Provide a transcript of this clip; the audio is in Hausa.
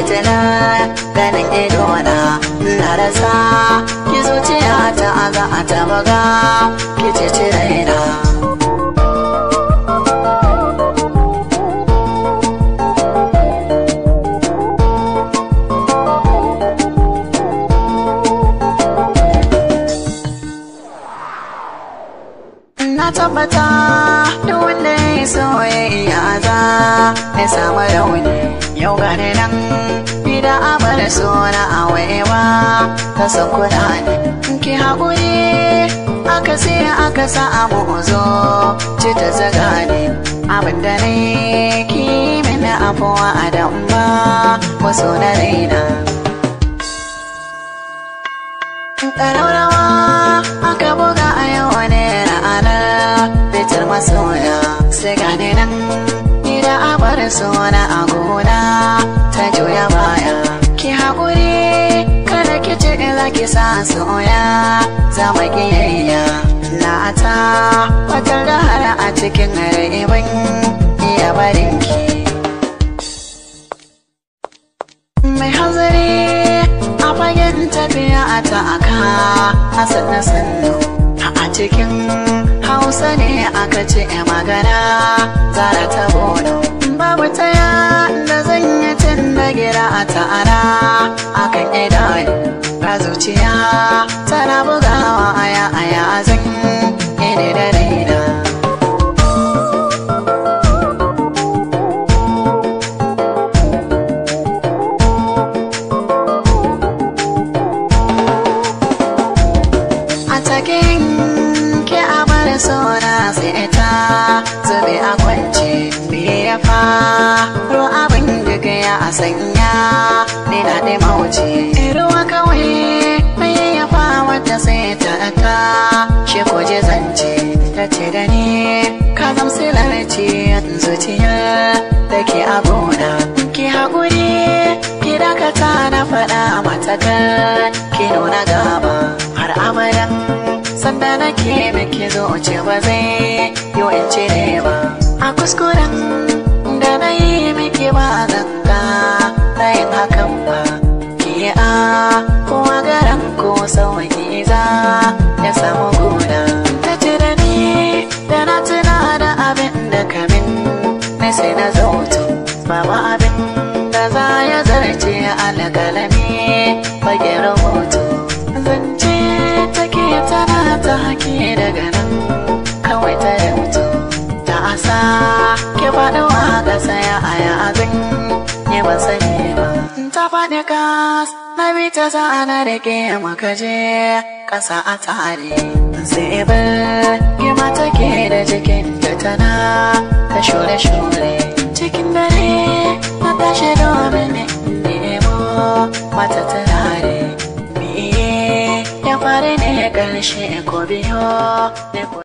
fitina ganin ido na na rasa ki zuciya ta ga a ta buga ki ce na tabbata duk wanda ya soyayya za ya samu rauni yau gane nan da abar suna a waiwa ta sakuna ne ki haƙuri aka sai aka sa abu zo ce ta zaga ne abinda ne ki mina afuwa a damba wasu na raina ƙararrawa aka buga a yau wani ranar fitar masoya sai gane nan ni da abar suna a gona goya baya ki haƙuri kada ki ce in za ki sa soya za mu la'ata wata da a cikin raiban iya barinki mai hanzari a fagen tafiya a ta'aka a sannu-sannu a cikin hausa ne aka ce magana zara ta bono babu ta yana ana akan idanu ka zuciya tana bugawa aya aya zan ina da raina Sona sai ta zube a kwance me ya faro ya a sanya ne na da mawuce ruwa kawai mai ya fa ta sai ta aka shi ko je zance ta ce da ni ka zamsilar ce zuciya da ke abuna ki hakuri ki dakata na faɗa A ta ki nuna gaba har amara. sanda nake miki zo ce ba zai yi ce ne ba a kuskuren babu abin da za ya zarce alƙalami fage rubutu zance take tana ta haƙi daga nan kawai ta rubutu ta asa ke faɗawa ƙasa ya aya abin yi ban sani ba ta faɗi gas na bi ta za'ana da ke makaje ƙasa a tare sai bar ke mata ke da jikin da tana ta shure-shure cikin dare na tashi domin nemo mata turare miye ya fara ne karshe ko biyo